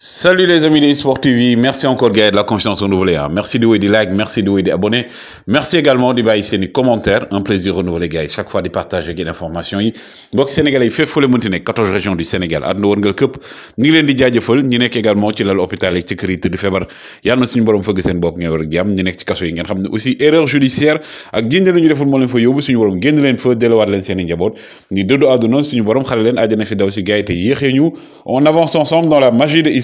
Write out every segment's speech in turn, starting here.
Salut les amis de Sport TV, merci encore Gaël de la confiance renouvelée. Hein. Merci de vous aider de like, merci de vous aider de abonner. Merci également de baisser les commentaires, un plaisir renouvelé Gaël. Chaque fois de partager des informations. Donc, Sénégalais, fait le montiné, 14 régions du Sénégal. Adno Wangel Cup, ni len di jajeufal, ñi nek également ci l'hôpital hôpital ak ci kër yi febar. Yalla suñu borom fëgg seen bop ngeen war ak jam, nek ci kasso yi y a aussi erreur judiciaire ak jindi lañu deful mo leen fa yobbu suñu borom genn leen fa délawaat leen seen njaboot. Ni dëddu aduna suñu borom xalé leen des fi daw ci gaayte yéxé ñu. On avance ensemble dans la magie de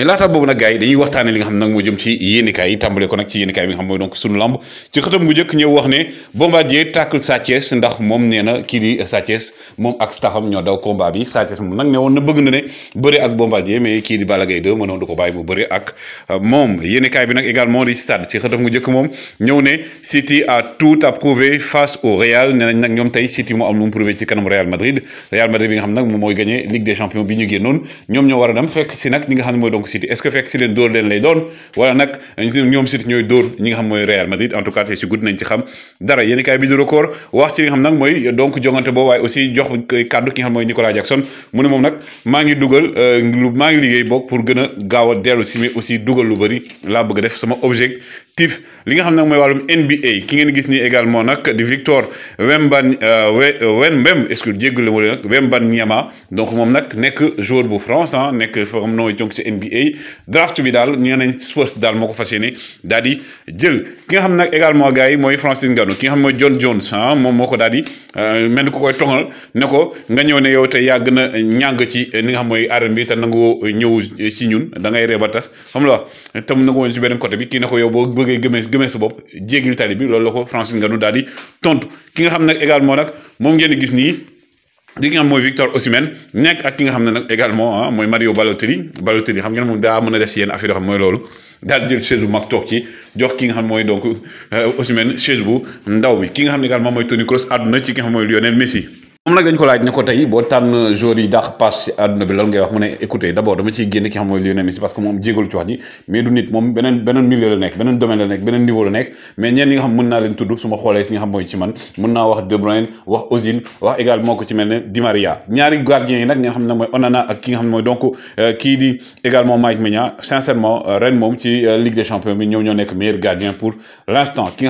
mais laata boobu nag gars yi dañuy waxtaane li nga xam nag moo jëm ci yéenikaay yi ko nag ci yéenikaay bi nga xam Sa Thiès ndax moom Sa nag na bëgg na ne bëre ak Bombardier mais euh, bi nag a moo am mu prouvé ci kanam Real Madrid Real Ligue des champions bi ñu génnoon ñoom ñoo war a dem fekk si nag ñi nga xam ne mooy donc City est-ce que fekk si leen dóor leen lay doon wala nag ñoom City ñooy dóor ñi nga xam mooy Real Madrid en tout cas tey si gudd nañ ci xam dara yéen kaay bi di record maa ngi dugal euh, lu maa ngi liggéey bokk pour gën a gaaw a dellu si mais aussi dugal lu bëri laa bëgg def sama objectif li nga xam nag mooy wàllum NBA ki ngeen gis nii également nag di Victor Wemban euh, Wembem est-ce que jéggalu ma leen nag Wembanyama donc moom nag nekk joueur bu France ah nekk foo xam noo donc ci NBA ay draft bi daal ñu ne Spurs daal moo ko fas yéene daal di jël ki nga xam nag également gars yi mooy Francis Ngannou ki nga xam mooy John Jones ah moom moo ko daal di euh, mel ni ku koy toŋal ne yow te yaa gën a ci li xam mooy arène bi te nangoo ñëw si ñun da ngay reeba tas xam la wax tam nangu woon si beneen côté bi kii ne ko yow boo bëggee gëmee gëmee sa bopp jéegil tali bi loolu la ko Francis Ngannou daal di tontu ki nga xam nag également nag moom ngeen gis nii. li nga xam mooy Victor Osimhen nekk ak ki nga xam ne nag également ah mooy Mario Balotelli Balotelli xam ngeen moom daa mën a def si yenn affaire yoo xam mooy loolu daal jël chaise bu mag toog ci jox ki nga xam mooy donc euh, Osimhen chaise bu ndaw bi ki nga xam ne également mooy Toni Kroos àdduna ci ki nga xam mooy Lionel Messi. moom nag dañ ko laaj ne ko boo tànn joueurs yi dàq ci àdduna bi lan ngay wax mu ne écoutez d' dama ci wax la nekk beneen domaine la nekk beneen niveau la nekk mais ñeen yi nga xam mën naa ki nga xam ne mooy donc kii moom ci Ligue des l' instant ki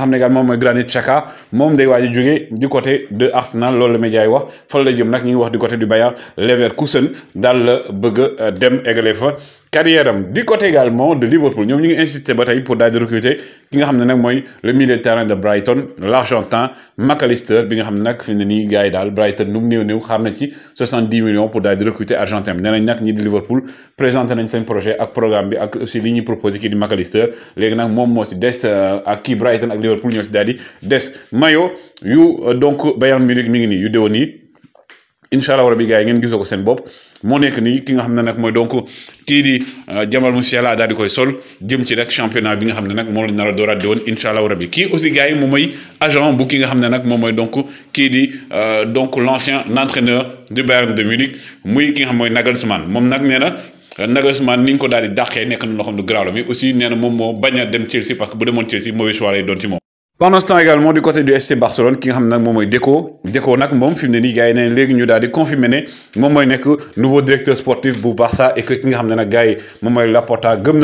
du côté de Arsenal loolu la média yi wax fa la jëm nag ñu ngi wax du côté du Bayer Leverkusen daal la bëgg euh, dem eggale fa carrière am du côté également de Liverpool ñom ñu ngi insister ba pour d'aller recruter ki nga xamné nak moy le milieu de terrain de Brighton l'Argentin McAllister bi nga xamné nak fi ni ne yi Brighton nu new new xarna ci 70 millions pour d'aller recruter Argentin bi nak ñi di Liverpool présenté nañ seen projet ak programme bi ak aussi li ñi proposer ki di McAllister légui nak mom mo ci des euh, ak ki Brighton ak Liverpool ñoo ci d'aller des Mayo, yu euh, donc Bayern Munich mi ngi nii yu déwén incha allah rabi gars yi ngeen gisoo ko seen bopp moo nekk nii ki nga xam ne nag mooy donc kii di euh, Jamal Musiala daal di koy sol jëm ci rek championnat bi nga xam ne nag moom lañ nar a dooraat di woon incha allah rabi kii aussi gars yi moom mooy agent bu moom mooy donc kii di euh, donc l' ancien entraîneur du Bayern de Munich muy ki nga xam mooy Nagelsmann moom nag nee na. Euh, Nagelsmann ni ñu ko daal di dàqee nekk na loo xam ne garaaw mais aussi nee moom moo bañ a dem Chelsea parce que bu demoon Chelsea mauvais choix lay doon moom. pendant ce temps également du côté du FC Barcelone qui nga xam ne déco moom mooy Deco Deco nag moom fi mu ne nii gars ñu confirmer ne moom mooy nouveau directeur sportif bu Barça et que ki nga xam ne nag gars yi moom mooy Laporta gëm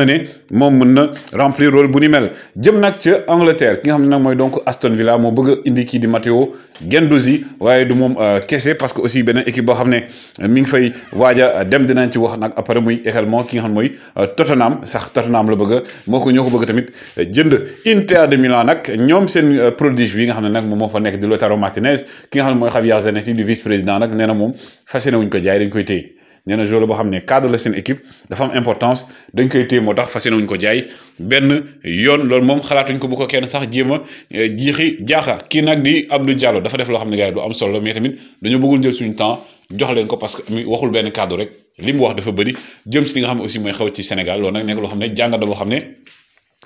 remplir rôle bu ni mel jëm Angleterre ki nga xam ne donc Aston Villa moo bëgg de indi di Matteo Gendouzi waaye du moom euh, kese parce que aussi beneen équipe boo xam ne euh, mi ngi fay waaj a euh, dem dinañ ci wax nag après muy également ki nga xam mooy Tottenham sax Tottenham la bëgg a moo ko ñoo ko bëgg tamit jënd Inter de Milan nag ñoom seen prodige bi nga xam ne nag moo fa nekk di Lautaro Martinez ki nga xam ne mooy Javier Zanetti di vice président nag nee na moom fas yéene wuñ ko jaay dañ koy téye. nee na joueur boo xam ne cadre la seen équipe dafa am importance dañ koy téye moo tax fas yéene ko jaay benn yoon loolu moom xalaatuñ ko bu ko kenn sax jéem a euh, jiixi jaaxa kii nag di Abdou Diallo dafa def loo xam ne gars yi du am solo mais tamit dañu bëggul jël suñu temps jox leen ko parce que mi waxul benn cadre rek li mu wax dafa bëri jëm si li nga xam aussi mooy xew ci Sénégal loolu nag nekk loo xam ne jàngat la boo xam ne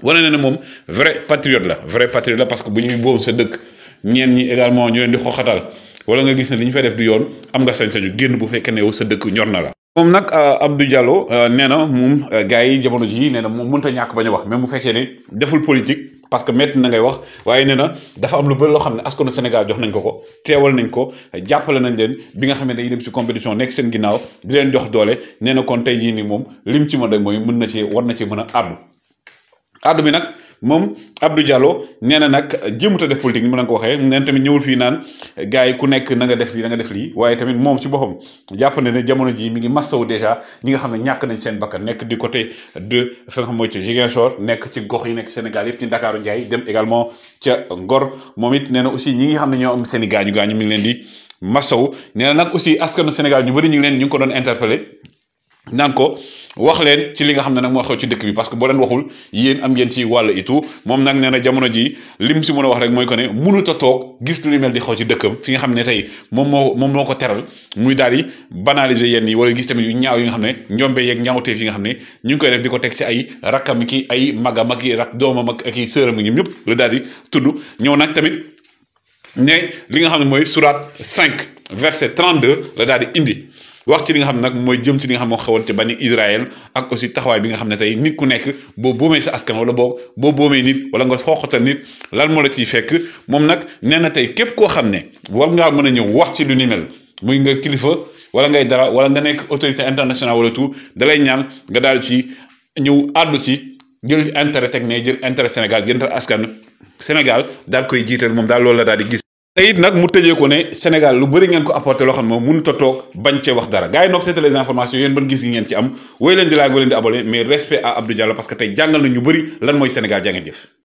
wane na ne moom vrai patriote la vrai patriote la parce que bu ñuy boobu sa dëkk ñeen ñi également ñu leen di xoxatal wala nga gis ne li ñu fay def du yoon am nga sañ-sañu génn bu fekkee ne yow sa dëkk ñor na la. moom nag euh, Abdou Diallo euh, nee na euh, gaa yi jamono jii nee na moom mënut a ñàkk bañ a wax même bu fekkee ne deful politique. parce que métti na ngay wax waaye nee na dafa am lu bëri loo xam ne askanu Sénégal jox nañ ko ko teewal nañ ko jàppale nañ leen bi nga xam ne dañuy dem ci compétition nekk seen ginnaaw di leen jox doole nee kon tey jii nii moom lim ci mën rek mooy mën na ci war na ci mën a àddu àddu bi nag. moom Abdou Diallo nee na nag jéemut a def politique ni ma la ko waxee neen tamit ñëwul fii naan gars yi ku nekk na nga def lii na nga def lii waaye tamit moom ci boppam jàpp na ne jamono ji mi ngi massawu dèjà ñi nga xam ne ñàkk nañ seen bakkan nekk du côté de fi nekk ci gox yi nekk Sénégal yëpp ci Ndakaaru Ndiaye dem également ca Ngor moom it nee na aussi ñi nga xam ne ñoo am seen i gaañu gaañu mi ngi leen di massawu nee na nag aussi askanu Sénégal ñu bëri ñu ngi leen ñu ngi ko doon interpellé naan ko wax leen ci li nga xam ne nag moo xew ci dëkk bi parce que boo leen waxul yéen am ngeen ci wàll itu moom nag nee na jamono ji lim si mën a wax rek mooy ko ne mënut a toog gis lu ni mel di xew ci dëkkam fi nga xam ne tey moom moo moom moo ko teral muy daal di banaliser yenn yi wala gis tamit yu ñaaw yi nga xam ne njombe yeeg ñaawteef yi nga xam ne ñu ngi koy def di ko teg si ay rakkam i ay magam ak i rak doomam ak ak i sëram ñoom ñëpp la daal di tudd ñëw nag tamit ne li nga xam ne mooy surat 5 verset 32 la daal di indi wax ci li nga xam nag mooy jëm ci li nga xam moo xewal ci bani Israël ak aussi taxawaay bi nga xam ne tey nit ku nekk boo boomee sa askan wala boog boo boomee nit wala nga xooxatal nit lan moo la ciy fekk moom nag nee na tey képp koo xam ne war ngaa mën a ñëw wax ci lu ni mel muy nga kilifa wala ngay dara wala nga nekk autorité internationale wala tout dalay ñaan nga daal ci ñëw àddu ci jël intérêt teg ne jël intérêt Sénégal jël askan Sénégal daal koy jiital moom daal loolu la daal di gis te it nag mu tëjee ko ne Sénégal lu bëri ngeen ko apporté loo xam ne moom mënut a toog bañ cee wax dara gars yi noog c'était les informations yéen ban gis gi ngeen ci am woy leen di laag woy leen di abonné mais respect à Abdou Diallo parce que tey jàngal na ñu lan mooy Sénégal jaa jëf